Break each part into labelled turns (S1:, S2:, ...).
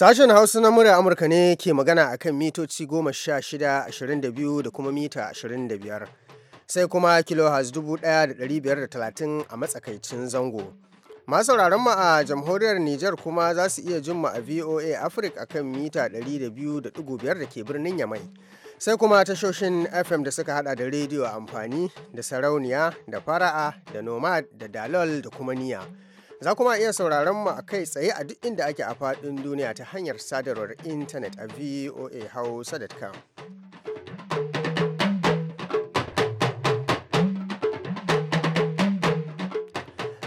S1: Sashen Hausa na murya Amurka ne ke magana a kan mitoci shida 22 da kuma mita 25. Sai kuma kilohaz 1,530 a matsakaicin zango. Masu mu a jamhuriyar Nijar kuma za su iya jin a VOA Africa a kan mita 200.5 da ke birnin Yamai. Sai kuma tashoshin FM da suka hada da rediyo amfani da sarauniya da fara'a da nomad da dalol da kuma niya. Za kuma iya sauraron mu a kai tsaye a duk inda ake a faɗin duniya ta hanyar sadarwar intanet a hausa.com.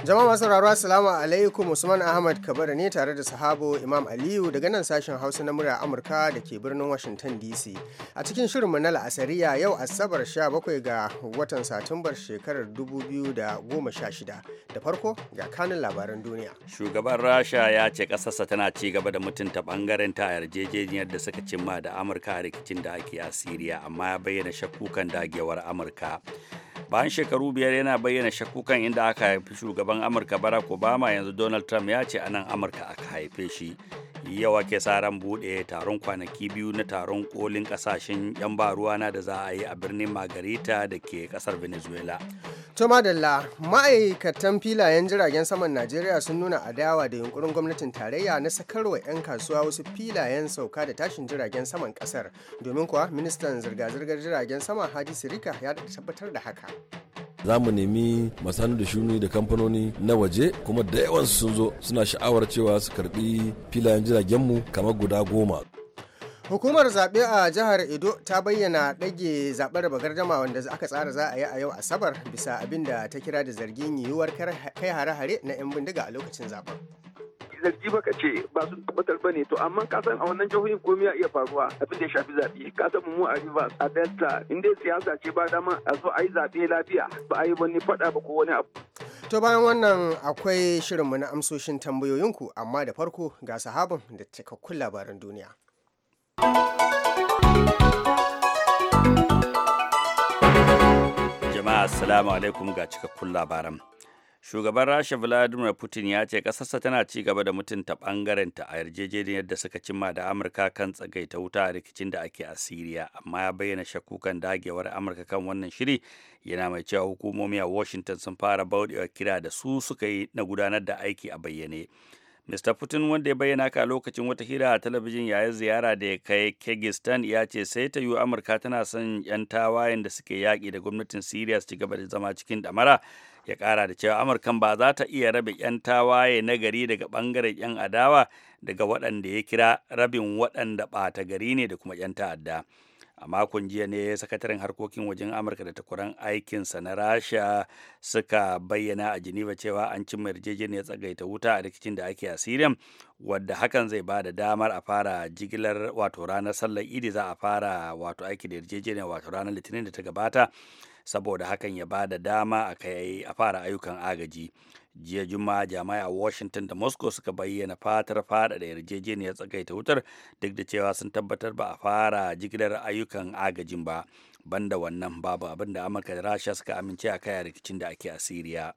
S1: Jama'a masu sauraro Assalamu alaikum Usman Ahmad kabar ne tare da sahabo Imam Aliyu daga nan sashen Hausa na murya Amurka da ke birnin Washington DC. A cikin shirinmu na la'asariya yau Asabar 17 ga watan Satumbar shekarar 2016 da farko ga kanin labaran duniya.
S2: Shugaban Rasha ya ce kasarsa tana ci gaba da mutunta bangaren ta yarjejeniyar da suka cimma da Amurka a rikicin da ake a Siriya amma ya bayyana shakkukan dagewar Amurka. bayan shekaru biyar yana bayyana shakku inda aka haifi shugaban amurka barack obama yanzu donald trump ya ce a nan amurka aka haife shi yau ake sa ran buɗe taron kwanaki biyu na taron kolin ƙasashen 'yan baruwana da za a yi a birnin margarita da ke ƙasar venezuela
S1: to madalla ma'aikatan filayen jiragen saman najeriya sun nuna adawa da yunkurin gwamnatin tarayya na sakarwa 'yan kasuwa wasu filayen sauka da tashin jiragen saman ƙasar domin kuwa ministan zirga-zirgar jiragen sama hadi sirika ya tabbatar da haka
S3: za mu nemi masanu da shuni da kamfanoni na waje kuma da yawan sun zo suna sha'awar cewa su karbi filayen jiragenmu kamar guda goma
S1: hukumar zaɓe a jihar edo ta bayyana ɗage zaɓar ba gardama wanda aka tsara za a yi a yau asabar bisa abin da ta kira da zargin yiwuwar kai hare-hare na 'yan bindiga a lokacin zaɓen
S4: zargi ba ce ba su tabbatar ba ne to amma ka san a wannan jihohin komai iya faruwa abin da ya shafi zaɓe ka san mu a Rivers a Delta in dai siyasa ce ba dama a zo a yi zaɓe lafiya ba a yi wani faɗa ba ko wani abu.
S1: To bayan wannan akwai shirin mu na amsoshin tambayoyinku amma da farko ga sahabin da cikakkun labaran duniya.
S2: Jama'a assalamu alaikum ga cikakkun labaran. shugaban rasha vladimir putin ya ce ƙasarsa tana ci gaba da mutunta ɓangarenta a yarjejeniyar da suka cimma da amurka kan tsagaita wuta a rikicin da ake a siriya amma ya bayyana shakukan dagewar amurka kan wannan shiri yana mai cewa hukumomi a washington sun fara bauɗewa kira da su suka yi na gudanar da aiki a bayyane Mr. Putin wanda ya bayyana ka lokacin wata hira a talabijin yayin ziyara da ya kai Kyrgyzstan ya ce sai ta yiwu Amurka tana son 'yan tawayen da suke yaƙi da gwamnatin syria su ci gaba da zama cikin damara Ya ƙara da cewa Amurkan ba za ta iya rabe 'yan tawaye na gari daga ɓangaren 'yan adawa daga waɗanda ya kira rabin waɗanda ɓata gari ne da kuma 'yan ta'adda. a makon jiya ne sakataren harkokin wajen amurka da takwaran aikinsa na rasha suka bayyana a geneva cewa an cimma ya tsagaita wuta a rikicin da ake a syria wadda hakan zai ba da damar a fara jigilar wato ranar sallar idi za a fara wato aiki da yarjejeniyar wato ranar litinin da ta gabata saboda hakan ya ba da dama a kai a fara ayyukan agaji jiya juma'a a washington da moscow suka bayyana fatar da yarjejeniyar tsakaita wutar duk da cewa sun tabbatar ba a fara jigilar ayyukan agajin ba banda wannan babu abin da amurka da rasha suka amince a kai a rikicin da ake a siriya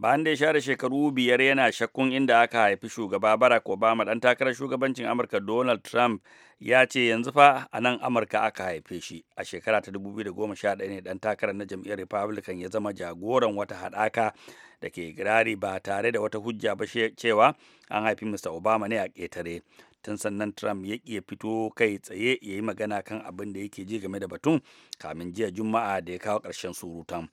S2: bayan da ya share shekaru biyar yana shakkun inda aka haifi shugaba barack obama dan takarar shugabancin amurka donald trump ya ce yanzu fa a nan amurka aka haife shi a shekara ta 2011 ne dan takarar na jam'iyyar republican ya zama jagoran wata haɗaka da ke girari ba tare da wata hujja ba cewa an haifi mr obama ne a ƙetare tun sannan trump ya iya fito kai tsaye ya yi magana kan abin da yake ji game da batun kamin jiya juma'a da ya kawo ƙarshen surutan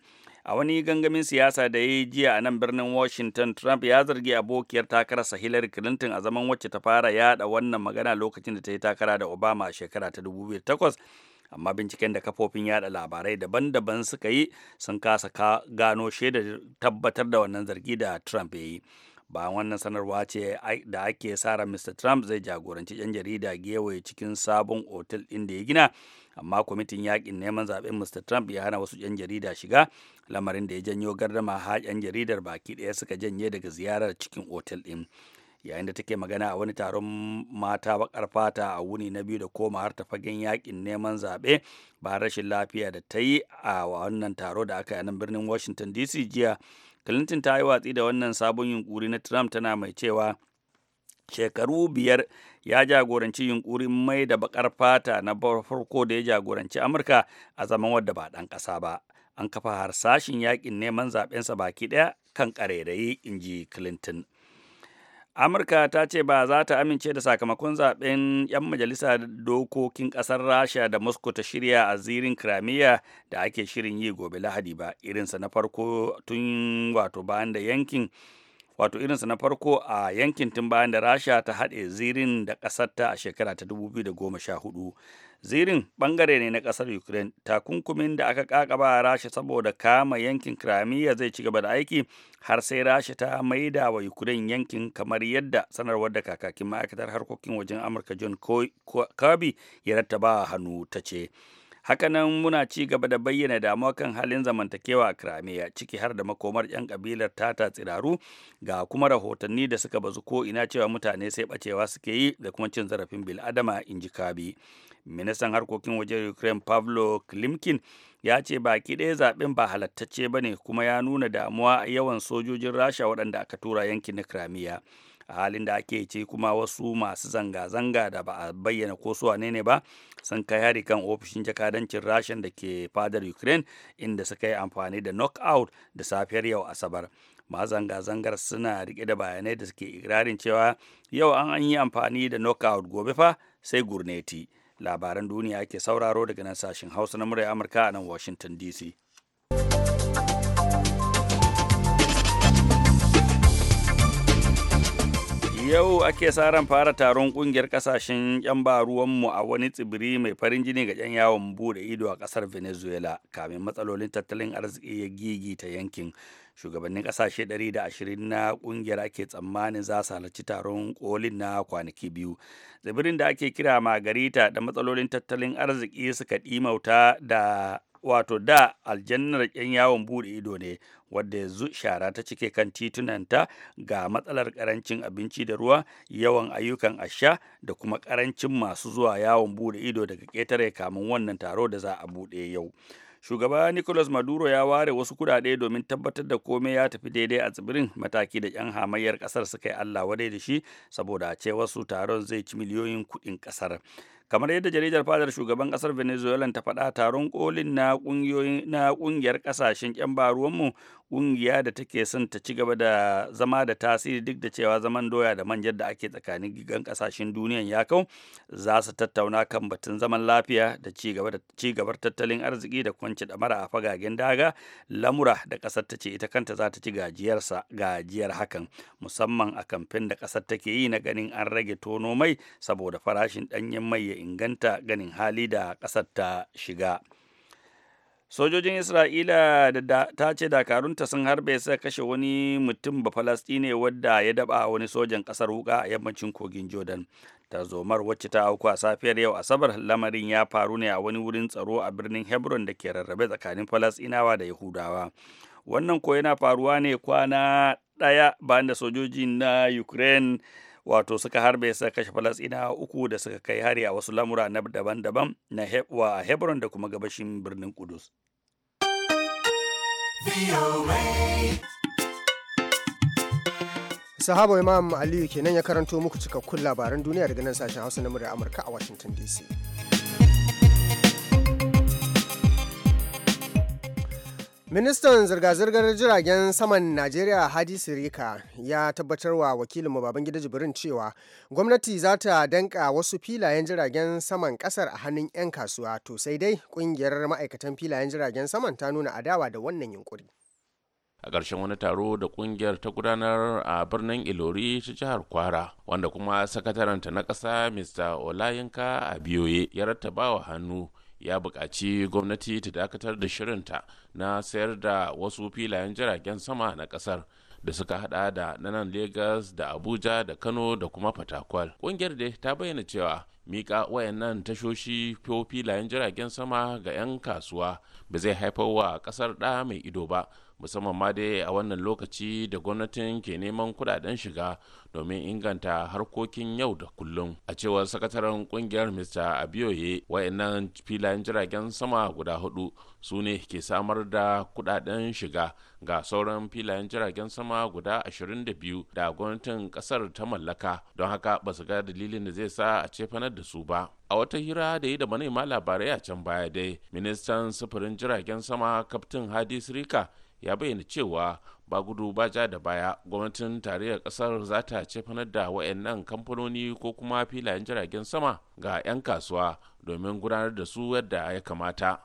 S2: a wani gangamin siyasa da ya yi jiya a nan birnin washington trump ya zargi abokiyar takararsa hillary clinton a zaman wacce ta fara yada wannan magana lokacin da ta yi takara da obama a shekara ta 2008 amma binciken da kafofin yada labarai daban-daban suka yi sun kasa gano shaidar tabbatar da wannan zargi da trump ya yi Ba wannan sanarwa ce da ake sara mr trump zai jagoranci 'yan jarida gewaye cikin sabon otel ɗin da ya gina amma kwamitin yakin neman zaben mr trump ya hana wasu 'yan jarida shiga lamarin da ya janyo gardama ha 'yan jaridar baki ɗaya suka janye daga ziyarar cikin otel ɗin yayin da take magana a wani taron mata bakar fata a wuni na biyu da koma har ta fagen yakin neman zaɓe ba rashin lafiya da ta yi a wannan taro da aka yi nan birnin washington dc jiya clinton ta yi watsi da wannan sabon yunkuri na trump tana mai cewa shekaru biyar ya jagoranci yunkurin mai da bakar fata na farko da ya jagoranci amurka a zaman wadda ba ɗan ƙasa ba an kafa harsashin yakin neman zaɓensa baki ɗaya kan ƙarerayi, in ji clinton amurka ta ce ba za ta amince da sakamakon zaben 'yan majalisa dokokin kasar rasha da moscow ta shirya a zirin kiramiya da ake shirin yi gobe lahadi ba irinsa na farko tun wato bayan da yankin wato irinsa na farko a yankin tun bayan da rasha ta haɗe zirin da ƙasarta a shekara ta 2014 zirin bangare ne na ƙasar ukraine takunkumin da aka ƙaƙaba a rasha saboda kama yankin kiramiya zai ci gaba da aiki har sai rasha ta maida wa ukraine yankin kamar yadda sanarwar da kakakin ma'aikatar harkokin wajen amurka john kirby ya rattaba hannu ta ce Hakanan muna ci gaba da bayyana damuwa kan halin zamantakewa a Crimea ciki har da makomar 'yan kabilar tata tsiraru ga kuma rahotanni da suka bazu ko ina cewa mutane sai bacewa suke yi da kuma cin zarafin bil'adama in ji kabi. Ministan harkokin wajen Ukraine Pavlo Klimkin ya ce baki ɗaya zaɓen ba halattacce ba ne kuma ya nuna damuwa a yawan sojojin Rasha waɗanda aka tura yankin na kiramiya. a halin da ake ce kuma wasu masu zanga-zanga da ba a bayyana ko su ne ba sun kai hari kan ofishin jakadancin rashin da ke fadar ukraine inda suka yi amfani da knockout da safiyar yau asabar Ma zanga-zangar suna rike da bayanai da suke ikirarin cewa yau an yi amfani da knockout gobe fa sai gurneti labaran duniya ke sauraro daga nan sashen hausa na murai amurka a nan washington dc Yau ake sa ran fara taron kungiyar kasashen 'yan ruwanmu a wani tsibiri mai farin jini ga 'yan yawon bude ido a kasar Venezuela kamin matsalolin tattalin arziki ya gigita yankin. Shugabannin kasashe 120 na kungiyar ake tsammanin za su halarci taron kolin na kwanaki biyu. Tsibirin da ake kira Margarita da matsalolin tattalin arziki suka ɗimauta da wato da aljannar yan yawon bude ido ne wadda yanzu shara ta cike kan titunanta ga matsalar karancin abinci da ruwa yawan ayyukan asha da kuma karancin masu zuwa yawon bude ido daga ketare kamun wannan taro da za a bude yau shugaba nicolas maduro ya ware wasu kudade domin tabbatar da komai ya tafi daidai a tsibirin mataki da yan hamayyar kasar suka yi allah wadai da shi saboda a ce wasu taron zai ci miliyoyin kuɗin ƙasar. kamar yadda jaridar fadar shugaban kasar venezuela ta faɗa taron kolin na ƙungiyar ƙasashen 'yan baruwanmu ƙungiya da take son ta ci gaba da zama da tasiri duk da cewa zaman doya da manjar da ake tsakanin gigan kasashen duniyan ya kau za su tattauna kan batun zaman lafiya da ci gabar tattalin arziki da kwanci mara a fagagen daga lamura da kasar ta ce ita kanta za ta ci gajiyarsa gajiyar hakan musamman a kamfen da ƙasar take yi na ganin an rage tono mai saboda farashin ɗanyen mai ya inganta ganin hali da kasar ta shiga. sojojin isra'ila da ta ce dakarunta sun harbe suka kashe wani mutum ba falastine wadda ya daba wani sojan kasar wuka a yammacin kogin jordan tarzomar wacce ta auku a safiyar yau asabar lamarin ya faru ne a wani wurin tsaro a birnin hebron da ke rarrabe tsakanin falastinawa da yahudawa wannan ko yana faruwa ne kwana ɗaya bayan da sojoji na ukraine wato suka harbe suka kashe falasɗinawa uku da suka kai hari a wasu lamura na daban-daban na wa hebron da kuma gabashin birnin kudus
S1: sahaba imam aliyu kenan ya karanto muku cikakkun labaran duniya daga nan sashen hausa na murar amurka a washington dc ministan zirga-zirgar jiragen saman najeriya hadi sirika ya tabbatar wa wakilinmu gida jibirin cewa gwamnati za ta danka wasu filayen jiragen saman kasar a hannun 'yan kasuwa to sai dai kungiyar ma'aikatan filayen jiragen saman ta nuna adawa da wannan yunkuri
S5: a ƙarshen wani taro da ƙungiyar ta gudanar a birnin ilori ta jihar kwara wanda kuma sakataranta na ƙasa mr olayinka a biyoye ya wa hannu ya buƙaci gwamnati ta dakatar da shirinta na sayar da wasu filayen jiragen sama na ƙasar da suka hada da nanan lagos da Abuja da Kano da kuma Fatakwal. Ƙungiyar da ta bayyana cewa miƙa wayannan tashoshi ko filayen jiragen sama ga 'yan kasuwa ba zai haifar wa ƙasar ɗa mai ido ba musamman ma dai a wannan lokaci da gwamnatin ke neman kudaden shiga domin inganta harkokin yau da kullum a cewar sakataren kungiyar mr abiyoye wayannan filayen jiragen sama guda hudu su ne ke samar da kudaden shiga ga sauran filayen jiragen sama guda 22 da gwamnatin kasar ta mallaka don haka ba su ga dalilin da zai sa a cefanar da su ba a wata hira da yi da manema labarai a can baya dai ministan sufurin jiragen sama kaftin hadi sirika ya bayyana cewa ba gudu ba ja da baya gwamnatin tarayyar kasar za ta cefanar da wayannan kamfanoni ko kuma filayen jiragen sama ga 'yan kasuwa domin gudanar da su yadda ya kamata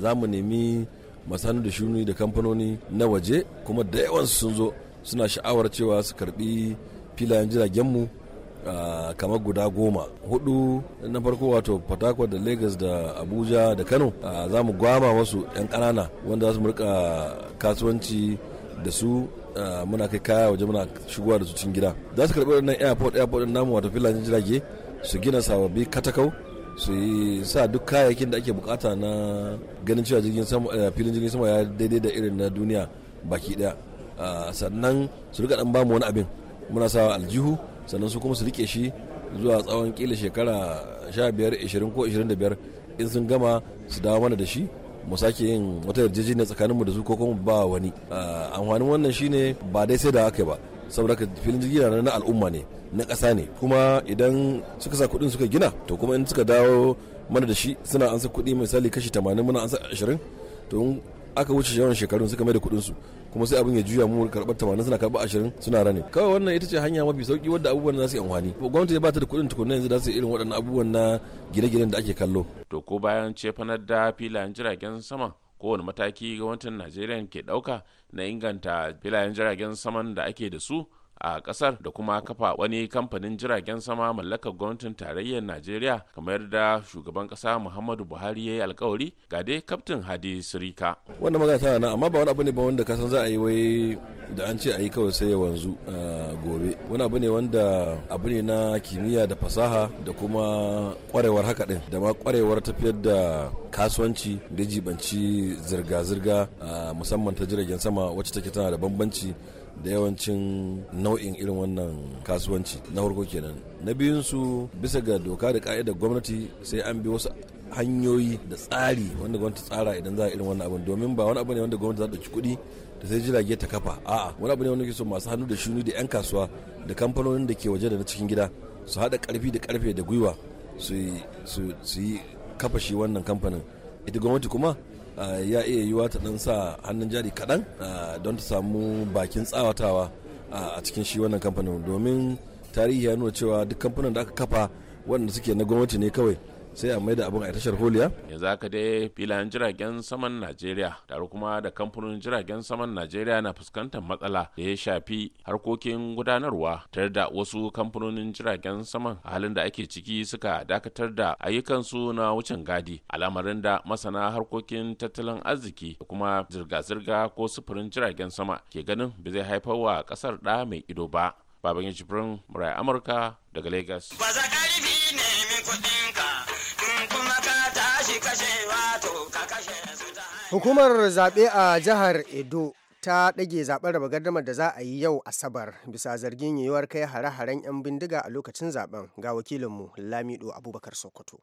S3: za mu nemi masanu da shuni da kamfanoni na waje kuma da yawan sun zo suna sha'awar cewa su karbi filayen jiragenmu Ah, kamar guda goma hudu na farko wato port da lagos da abuja da kano ah, za mu gwama wasu 'yan ƙanana wanda za su murka kasuwanci da su ah, muna kai kaya waje muna shigowa da su cikin gida za su karɓi waɗannan airport airport namu wato filayen jirage su gina sababbi katakau su yi sa duk kayayyakin da ake bukata na ganin cewa jirgin sama eh, filin jirgin sama ya daidai da irin na duniya baki daya sannan su rika dan bamu wani abin muna sa aljihu sannan su kuma su rike shi zuwa tsawon kila shekara 15 20 ko 25 in sun gama su dawo mana da shi mu sake yin wata yarjejeniya tsakaninmu da su ko kuma ba wani amfanin wannan shine ba dai sai da aka ba saboda ka filin jirgin na al'umma ne na ƙasa ne kuma idan suka sa kuɗin suka gina to kuma in suka dawo mana da shi suna ansa kuɗi misali kashi 80 muna ansa 20 to aka wuce yawan shekarun suka mai da kuɗinsu kuma sai abin ya juya mu karɓar tamanin suna karɓar ashirin suna rane kawai wannan ita ce hanya mafi sauki wadda abubuwan za su yi amfani gwamnati ba ta da kuɗin tukunan yanzu za su yi irin waɗannan abubuwan na gine-ginen da ake kallo to
S5: ko bayan cefanar da filayen jiragen sama kowane mataki gwamnatin najeriya ke ɗauka na inganta filayen jiragen saman da ake da su a kasar da kuma kafa wani kamfanin jiragen sama mallakar gwamnatin tarayyar najeriya kamar da shugaban kasa muhammadu buhari ya yi alkawari ga dai kaftin hadi sirika
S3: wanda magana tana nan amma ba wani abu ne ba wanda kasan za a yi wai da an ce a yi kawai sai ya wanzu gobe wani abu ne wanda abu ne na kimiyya da fasaha da kuma kwarewar haka din da ma kwarewar tafiyar da kasuwanci da jibanci zirga-zirga musamman ta jiragen sama wacce take tana da bambanci da yawancin nau'in irin wannan kasuwanci na farko kenan na biyunsu bisa ga doka da ka'ida gwamnati sai an bi wasu hanyoyi da tsari wanda gwamnati tsara idan za a irin wannan abin domin ba wani abu ne wanda gwamnati za ta ci kuɗi da sai jirage ta kafa a'a wani abu ne wanda ke so masu hannu da shuni da 'yan kasuwa da kamfanonin da ke waje da na cikin gida su haɗa ƙarfi da ƙarfe da gwiwa su yi kafa shi wannan kamfanin ita gwamnati kuma Eh, ya iya yiwa ta dan sa hannun jari kaɗan eh, don ta samu bakin tsawatawa eh, a cikin shi wannan kamfanin domin tarihi ya nuna cewa duk kamfanin da aka kafa waɗanda suke na gwamnati ne kawai sai a da abin a tashar holiya
S5: yanzu haka dai filayen jiragen saman najeriya tare kuma da kamfanin jiragen saman najeriya na fuskantar matsala da ya shafi harkokin gudanarwa tare da wasu kamfanonin jiragen saman a halin da ake ciki suka dakatar da ayyukansu na wucin gadi al'amarin da masana harkokin tattalin arziki da kuma zirga-zirga ko sufurin jiragen sama ke ganin ba zai haifar wa kasar da mai ido ba baban jibrin murai amurka daga lagos
S1: Hukumar
S5: zaɓe a
S1: jihar Edo ta ɗage zaɓen raba gardamar da za a yi yau Asabar bisa zargin yiwuwar kai hare-haren 'yan bindiga a lokacin zaɓen ga wakilinmu Lamido Abubakar Sokoto.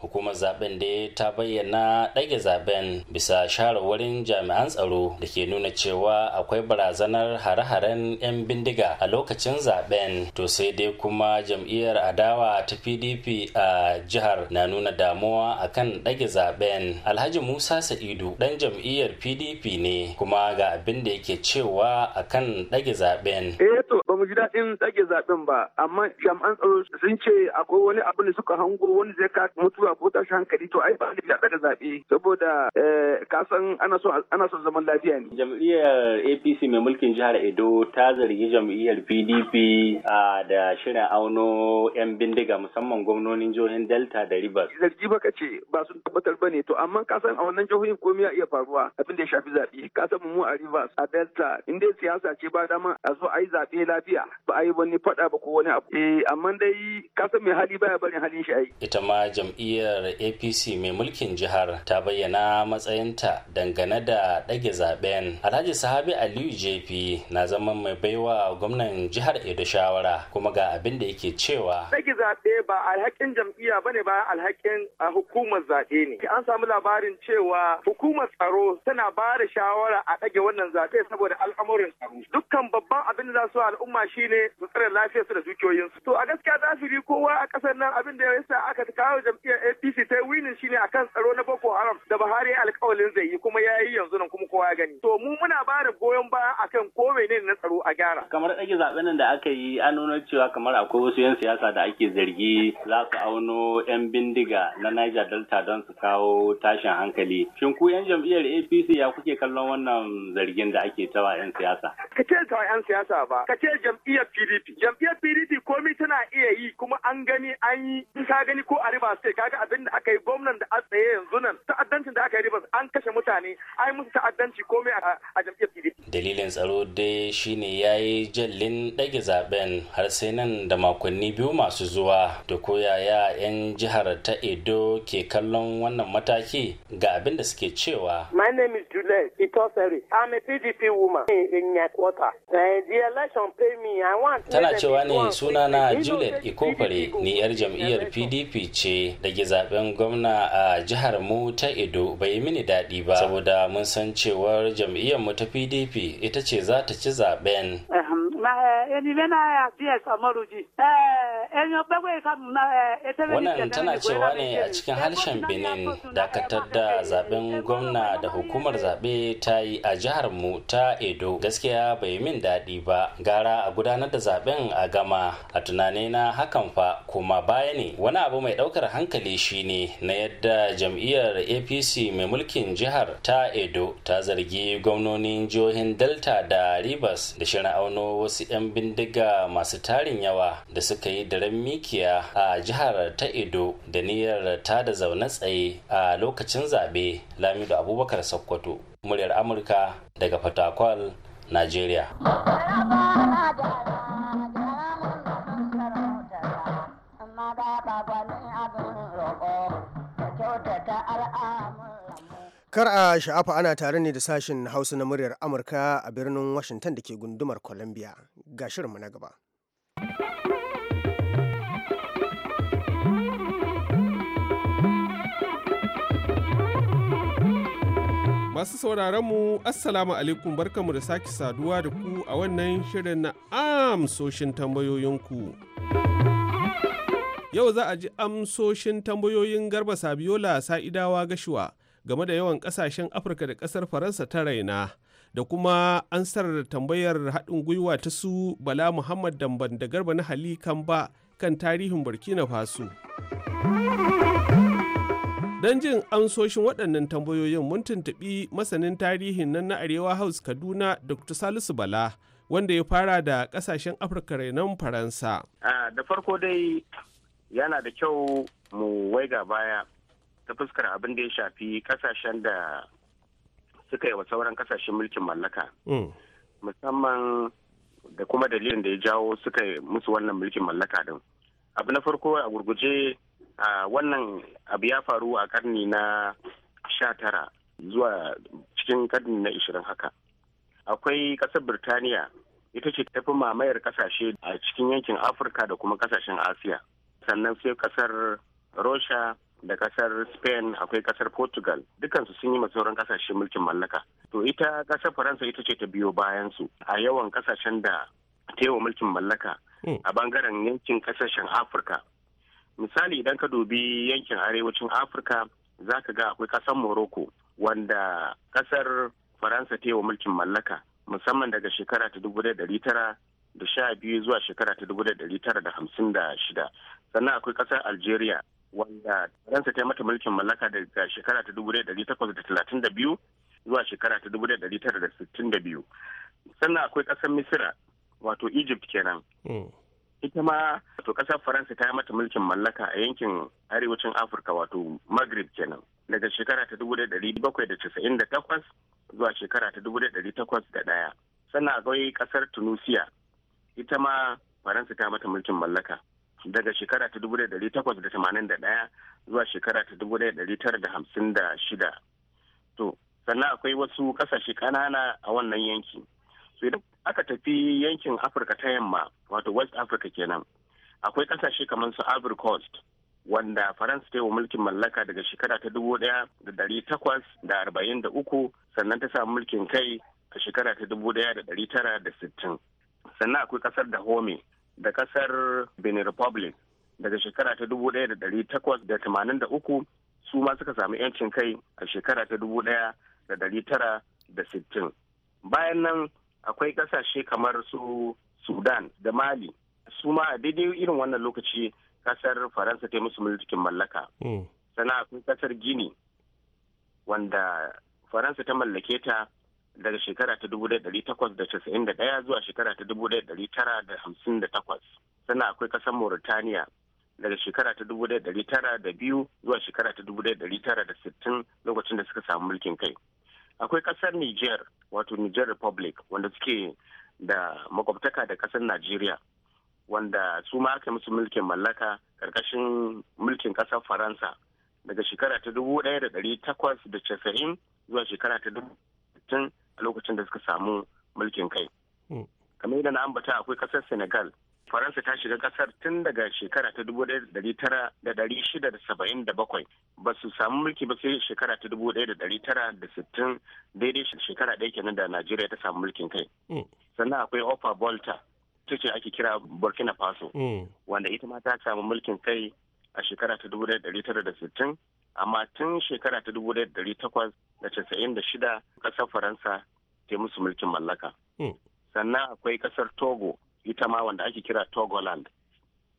S6: hukumar zaben da ta bayyana ɗage zaben bisa shawarwarin jami'an tsaro da ke nuna cewa akwai barazanar hare-haren 'yan bindiga a lokacin zaben to sai dai kuma jam'iyyar adawa ta pdp a jihar na nuna damuwa akan ɗage zaben alhaji musa sa'idu ɗan jam'iyyar pdp ne kuma ga abin da yake cewa akan ɗage zaben
S4: eh, mu ji daɗin tsage zaɓen ba amma jami'an tsaro sun ce akwai wani abu da suka hango wani zai ka mutuwa ko tashi hankali to ai ba da daga zaɓe saboda eh, ka san ana so ana so zaman lafiya ne.
S6: Jam'iyyar APC mai mulkin jihar Edo ta zargi jam'iyyar PDP ah, da shirin auno 'yan bindiga musamman gwamnonin jihohin Delta da Rivers.
S4: Zargi baka ce ba sun tabbatar ba ne to amma ka san a wannan jihohin komai ya iya faruwa abin da ya shafi zaɓe ka san mu a Rivers a Delta inda siyasa ce ba dama a zo a zaɓe lafiya. lafiya ba a yi wani faɗa ba ko wani abu eh amma dai ka mai hali baya barin halin shi ai
S6: ita ma jam'iyyar APC mai mulkin jihar ta bayyana matsayinta dangane da ɗage zaben Alhaji Sahabi Aliyu JP na zama mai baiwa gwamnan jihar Edo shawara kuma ga abin da yake cewa
S4: ɗage zaɓe ba alhakin jam'iyya bane ba alhakin hukumar zaɓe ne an samu labarin cewa hukumar tsaro tana ba da shawara a ɗage wannan zaɓe saboda al'amuran tsaro dukkan babban abin da za su al'umma shine su lafiyar su da su to a gaskiya za su zafiri kowa a kasar nan abin da ya sa aka kawo jam'iyyar APC ta winin shine akan tsaro na Boko Haram da Buhari alƙawalin zai yi kuma ya yi yanzu nan kuma kowa ya gani to mu muna ba da goyon baya akan ko menene na tsaro a gyara
S6: kamar ɗage zaɓen nan da aka yi an nuna cewa kamar akwai wasu 'yan siyasa da ake zargi za su auno 'yan bindiga na Niger Delta don su kawo tashin hankali shin ku 'yan jam'iyyar APC ya kuke kallon wannan zargin da ake tawa 'yan siyasa
S4: ka ce tawa 'yan siyasa ba ka ce jam'iyar jam'iyyar PDP. Jam'iyyar PDP komai tana iya yi kuma an gani an yi in ka gani ko a riba sai kaga abin da aka yi gwamnan da a tsaye yanzu nan ta'addancin da aka yi riba an kashe mutane an musu ta'addanci komai a jam'iyyar
S6: PDP. Dalilin tsaro dai shine yayi jallin ɗage zaben har sai nan da makonni biyu masu zuwa da koyaya 'yan jihar ta Edo ke kallon wannan mataki ga abin da suke cewa.
S4: My name is Juliet Itosari. I'm a PDP woman in Nyakwata. Uh, the election tana cewa ne suna na juliet
S6: ikofare ni yar jam'iyyar pdp ce da ke zaben gwamna a jihar mu ta edo bai yi mini daɗi ba saboda mun san cewar jam'iyyar mu ta pdp ita ce za ta ci zaben
S2: ehm, eh, eh, e eh, wannan tana cewa ne
S6: a cikin harshen benin dakatar da zaben gwamna da hukumar zaɓe ta yi a jihar mu ta edo gaskiya bai min daɗi ba gara a gudanar da zaben a gama a tunane na hakan fa kuma baya ne wani abu mai daukar hankali shine na yadda jam'iyyar apc mai mulkin jihar ta edo ta zargi gwamnonin jihohin delta da rivers da shirin auno wasu 'yan bindiga masu tarin yawa da suka yi daren mikiya a jihar ta edo da niyyar ta da zaune tsaye a lokacin zabe lamido abubakar sokoto muryar amurka daga fatakwal najeriya
S1: Kar a sha'afa ana tare ne da sashen Hausa na muryar Amurka a birnin Washington da ke gundumar Columbia. Ga shirinmu na gaba.
S7: Masu mu Assalamu alaikum barkanmu da sake saduwa da ku a wannan shirin na amsoshin tambayoyinku. Yau za a ji amsoshin tambayoyin Garba Sabiola Sa'idawa Gashuwa game da yawan kasashen Afirka da kasar Faransa ta raina. Da kuma an ansar tambayar haɗin gwiwa ta su Bala Muhammad Damban da Garba na Hali Kamba kan tarihin Burkina Faso. Don jin amsoshin waɗannan tambayoyin mun tuntuɓi masanin tarihin nan na Arewa House Kaduna Dr. Salisu Bala wanda ya fara da ƙasashen Afirka renon Faransa.
S4: Da farko dai yana da kyau mu wai ga baya ta fuskar abin da ya shafi ƙasashen da suka yi wa sauran ƙasashen mulkin mallaka. Mm. Musamman da kuma dalilin da ya jawo suka yi musu wannan mulkin mallaka din. Abu na farko a gurguje wannan abu ya faru a karni na sha tara zuwa cikin karni na ishirin haka akwai ƙasar birtaniya ita ce tafi mamayar ƙasashe a cikin yankin afirka da kuma kasashen asiya sannan sai ƙasar rosha da kasar spain akwai kasar portugal dukansu sun yi masauran kasashe mulkin mallaka to ita kasar faransa ita ce ta biyo bayan su a yawan kasashen da ta mulkin mallaka hmm. a bangaren yankin kasashen afirka misali idan ka dubi yankin arewacin afirka za ka ga akwai kasar morocco wanda kasar faransa ta yi wa mulkin mallaka musamman daga shekara ta dubu tara da sha biyu zuwa shekara ta dubu tara da hamsin da shida sannan akwai kasar algeria wanda faransa ta yi mata mulkin mallaka daga shekara ta dubu takwas da talatin da biyu zuwa shekara ta dubu tara da sittin da biyu sannan akwai kasar misira wato egypt kenan hmm. ita ma wato kasar faransa ta yi mata mulkin mallaka a yankin arewacin afirka wato maghrib kenan daga shekara ta dubu da bakwai da casa'in da takwas zuwa shekara ta dubu da takwas da ɗaya sannan akwai kasar tunisia ita ma faransa ta mata mulkin mallaka daga shekara ta dubu da takwas da tamanin da daya zuwa shekara ta dubu da tara da hamsin da shida to sannan akwai wasu kasashe ƙanana a wannan yanki aka tafi yankin afirka ta yamma wato west africa kenan akwai kasashe kamar su ivory coast wanda faransa ta yi wa mulkin mallaka daga shekara ta dubu daya da dari takwas da arba'in da uku sannan ta samu mulkin kai a shekara ta dubu daya da dari tara da sittin sannan akwai kasar home da kasar benin republic daga shekara ta dubu daya da dari takwas da tamanin da uku su ma suka samu yancin kai a shekara ta dubu daya da dari tara da sittin bayan nan akwai kasashe kamar su sudan da mali su ma a daidai irin wannan lokaci kasar faransa ta musu mulkin mallaka hmm. sana akwai kasar gini wanda faransa ta mallake ta daga shekara ta 1891 zuwa shekara ta 1958 sana akwai kasar mauritania daga shekara ta 1902 zuwa shekara ta 1960 lokacin da suka samu mulkin kai akwai kasar niger wato niger republic wanda suke da makwabtaka da kasar najeriya wanda su ma aka musu mulkin mallaka karkashin mulkin kasar faransa daga shekara ta dubu ɗaya da ɗari takwas da casa'in zuwa shekara ta dubu a lokacin da suka samu mulkin kai hmm. kamar yadda na ambata akwai kasar senegal faransa ta shiga kasar tun daga shekara ta dubu ɗaya da tara da ɗari shida da saba'in da bakwai ba su samu mulki ba sai shekara ta dubu ɗaya da ɗari tara da sittin daidai shekara ɗaya kenan da najeriya ta samu mulkin kai mm. sannan akwai offer volta ita ce ake kira burkina faso mm. wanda ita ma ta samu mulkin kai a shekara ta dubu ɗaya da tara da sittin amma tun shekara ta dubu ɗaya da takwas da casa'in da shida ƙasar faransa ta musu mulkin mallaka mm. sannan akwai ƙasar togo ita ma wanda ake kira togoland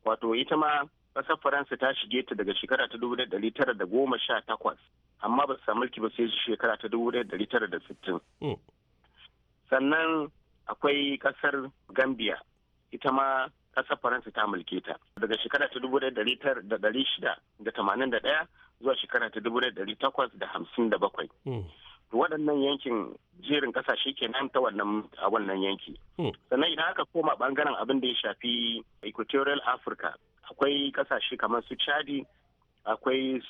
S4: wato ita ma ƙasar faransa ta shige ta daga shekara ta dubu ɗari tara da goma sha takwas amma ba su samu mulki ba sai shekara ta dubu ɗari tara da sittin hmm. sannan akwai ƙasar gambia ita ma ƙasar faransa ta mulke ta daga shekara ta dubu ɗari shida da tamanin da ɗaya zuwa shekara ta dubu ɗari takwas da hamsin da bakwai hmm. waɗannan yankin jerin kasashe kenan ta wannan a wannan yanki hmm. sannan idan aka koma bangaren abin da ya shafi equatorial africa akwai kasashe kamar su chadi akwai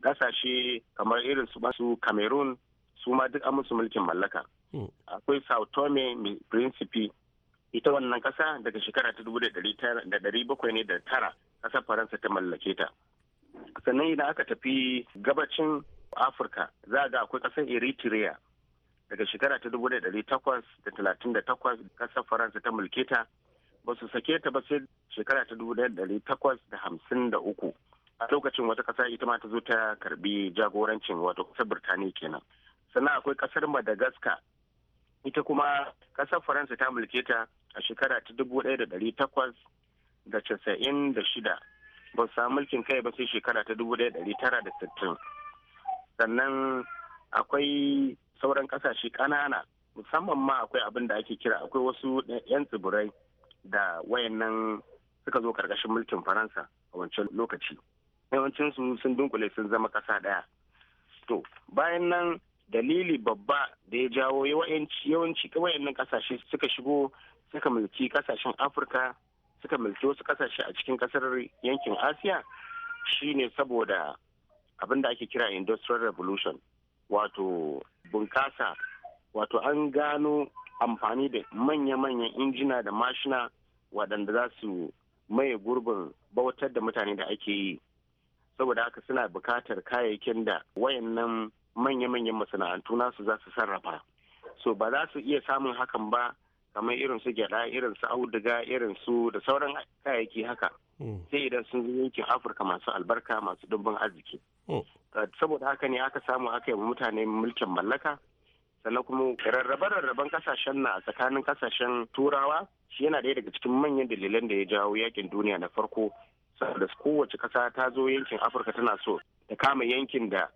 S4: kasashe kamar irin su masu cameroon su ma duk an musu mulkin mallaka hmm. akwai sao tome principe ita wannan kasa daga shekara ta dubu da dari bakwai ne da tara Ƙasar faransa ta mallake ta sannan idan aka tafi gabacin afirka za ga akwai ƙasar eritrea daga shekara ta dubu da takwas da talatin da takwas ƙasar faransa ta mulke ta ba su sake ta ba sai shekara ta dubu da takwas da hamsin da uku a lokacin wata ƙasa ita ma ta zo ta karbi jagorancin wato ƙasar birtaniya kenan sannan akwai ƙasar madagascar ita kuma ƙasar faransa ta mulke ta a shekara ta dubu da ɗari takwas da casa'in da shida ba su samu mulkin kai ba sai shekara ta dubu ɗari tara da sittin sannan akwai sauran kasashe kanana musamman ma akwai abin da ake kira akwai wasu 'yan tsibirai da wayannan suka zo karkashin mulkin faransa a wancan lokaci yawancinsu sun dunkule sun zama kasa ɗaya to bayan nan dalili babba da ya jawo yawanci wayannan kasashe suka shigo suka mulki kasashen afirka suka mulki wasu kasashe a cikin kasar yankin asiya shine saboda abin da ake kira industrial revolution wato bunkasa wato an gano amfani da manya-manyan injina da mashina waɗanda za su maye gurbin bautar da mutane da ake yi saboda haka suna bukatar kayayyakin da wayannan manya-manyan masana'antu nasu za su sarrafa so ba za su iya samun hakan ba kamar irin su gyada irin su auduga irin su da sauran kayayyaki haka hmm. sai idan sun zo yankin afirka masu albarka masu dubban arziki Oh. Uh, saboda haka ne aka samu aka yi mutane mulkin mallaka sannan kuma rarrabe-rarraben kasashen na tsakanin kasashen turawa shi yana ɗaya daga cikin manyan dalilan da ya jawo yakin duniya na farko saboda kowace ƙasa ta zo yankin afirka tana so ta kama yankin da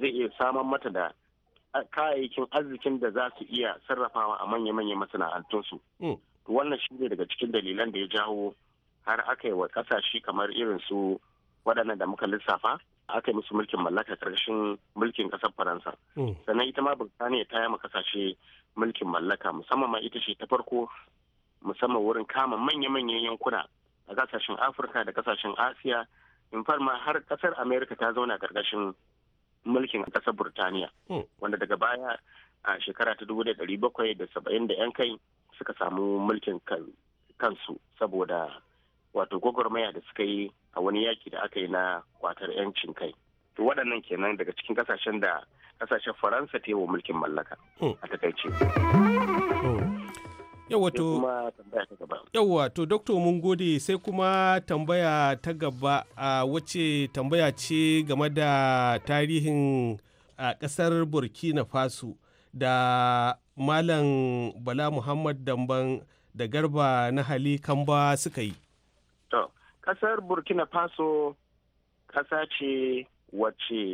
S4: zai iya samar mata da kayayyakin arzikin da za su iya sarrafawa a manya-manyan masana'antunsu oh. wannan shi ne daga cikin dalilan da ya jawo har aka yi wa kasashe kamar irin su waɗannan da muka lissafa aka yi musu mulkin mallaka karshen mulkin kasar faransa hmm. sannan ita ma birtaniya ta yama kasashe mulkin mallaka musamman ma ita ce ta farko musamman wurin kama manya-manyan yankuna a kasashen afirka da kasashen asiya in farma har kasar amerika ta zauna karkashin mulkin kasar burtaniya hmm. wanda daga baya a shekara ta dubu da dari da yan kai suka samu mulkin kansu saboda wato gwagwarmaya da suka yi a wani yaki da aka yi na kwatar 'yancin kai to waɗannan kenan daga cikin kasashen da kasashen faransa ta yi wa mulkin mallaka hmm. a takaice hmm.
S7: yawwa to dokto mun gode sai kuma tambaya ta gaba a wace tambaya ce game da tarihin a kasar burkina faso da malam bala muhammad damban da garba na hali kamba suka yi
S4: kasar burkina faso kasa ce wacce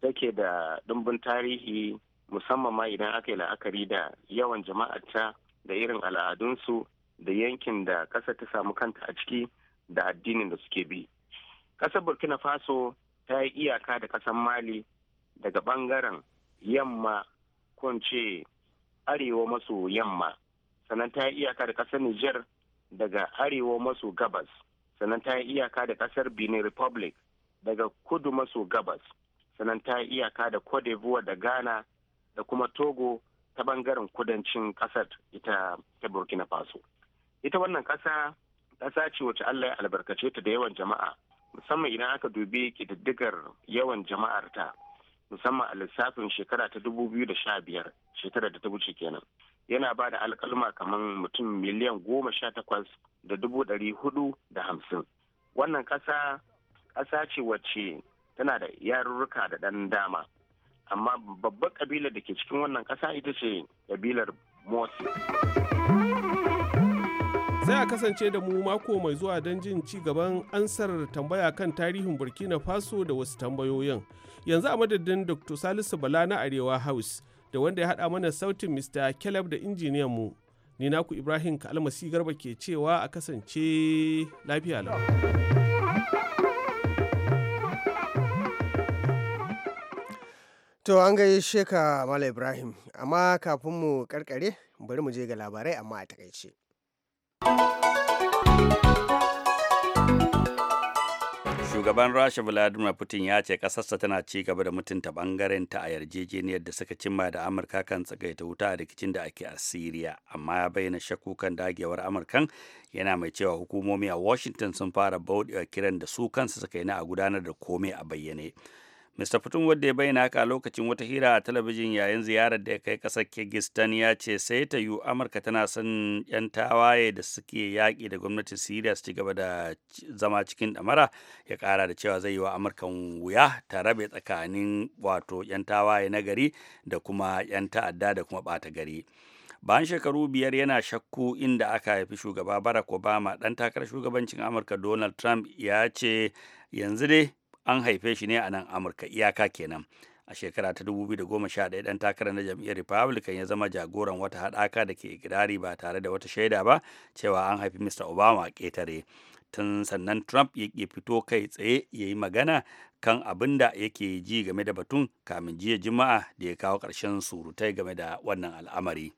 S4: take da ɗumbin tarihi musamman ma idan aka yi la'akari da yawan jama'arta da irin al'adunsu da yankin da ƙasa ta samu kanta a ciki da addinin da suke bi ƙasar burkina faso ta yi iyaka da ƙasar mali daga ɓangaren yamma kunce arewa maso yamma sannan ta yi iyaka da ƙasar niger daga arewa maso gabas sannan ta yi iyaka da kasar benin republic daga kudu maso gabas sannan ta yi iyaka da cote d'ivoire da ghana da kuma togo ta bangaren kudancin kasar ita ta burkina faso ita wannan kasa kasa ce wacce allah ya albarkace ta da yawan jama'a musamman idan aka dubi kididdigar yawan jama'ar ta musamman a lissafin shekara ta 2015 shekarar da ta wuce kenan yana ba da alkalma kamar mutum miliyan goma sha takwas da dubu ɗari hudu da hamsin wannan ƙasa ƙasa ce wacce tana da yarurruka da ɗan dama amma babbar ƙabilar da ke cikin wannan ƙasa ita ce
S7: ƙabilar mosi sai a kasance da mu mako mai zuwa don jin ci gaban ansar tambaya kan tarihin burkina faso da wasu tambayoyin yanzu a madadin dr salisu bala na arewa house da wanda ya haɗa mana sautin Mr. Caleb da injiniyan mu. Ni naku Ibrahim Kalmasi Garba ke cewa a kasance lafiya lau.
S1: To an gaishe sheka Mala Ibrahim, amma kafin mu karkare bari mu je ga labarai amma a takaice.
S2: shugaban rasha vladimir putin ya ce kasarsa tana ci gaba da mutunta bangaren ta a yarjejeniyar da suka cimma da amurka kan tsagaita wuta a rikicin da ake a syria amma ya bayyana shakukan dagewar amurkan yana mai cewa hukumomi a washington sun fara bauɗewa kiran da su kansu suka yi na a gudanar da komai a bayyane Mr. Putin wadda ya bayyana haka a lokacin wata hira a talabijin yayin ziyarar da ya kai ƙasar Kyrgyzstan ya ce sai ta yiwu Amurka tana son 'yan tawaye da suke yaƙi da gwamnatin syria su ci gaba da zama cikin ɗamara ya ƙara da cewa zai yi wa Amurkan wuya ta rabe tsakanin wato 'yan tawaye na gari da kuma 'yan ta'adda da kuma ɓata gari. bayan shekaru biyar yana shakku inda aka haifi shugaba barack obama dan takarar shugabancin amurka donald trump ya ce yanzu dai an haife shi ne a nan amurka iyaka kenan a shekara ta 2011 dan takara na jam'iyyar republican ya zama jagoran wata haɗaka da ke ikirari ba tare da wata shaida ba cewa an haifi mr obama a ƙetare tun sannan trump ya fito kai tsaye ya yi magana kan abin da yake ji game da batun kamin jiya juma'a da ya kawo karshen surutai game da wannan al'amari.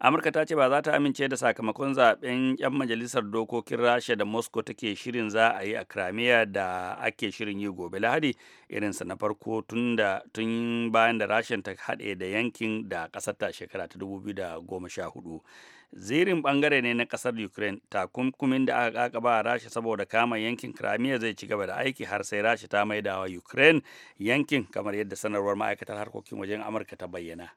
S2: amurka ta ce ba za ta amince da sakamakon zaben 'yan majalisar dokokin rasha da moscow take shirin za a yi a crimea da ake shirin yi gobe lahadi irinsa na farko tun da tun bayan da rasha ta haɗe da yankin da ƙasar ta shekara ta 2014 zirin bangare ne na kasar ukraine takunkumin da aka kaka ba rasha saboda kama yankin crimea zai ci gaba da aiki har sai rasha ta wa ukraine yankin kamar yadda sanarwar ma'aikatar harkokin wajen amurka ta bayyana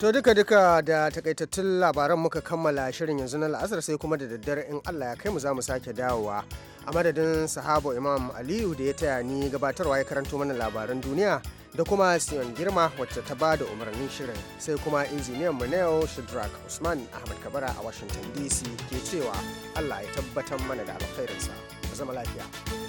S1: To duka duka da takaitattun labaran muka kammala shirin yanzu na la'asar sai kuma da daddare in Allah ya kai mu za mu sake dawowa. A madadin sahabo Imam Aliyu da ya taya ni gabatarwa ya karanto mana labaran duniya da kuma siyan Girma wacce ta ba da umarnin shirin sai kuma injiniyan mu yau Shadrack Usman Ahmad Kabara a Washington DC ke cewa Allah ya tabbatar mana da alkhairinsa. Zama lafiya.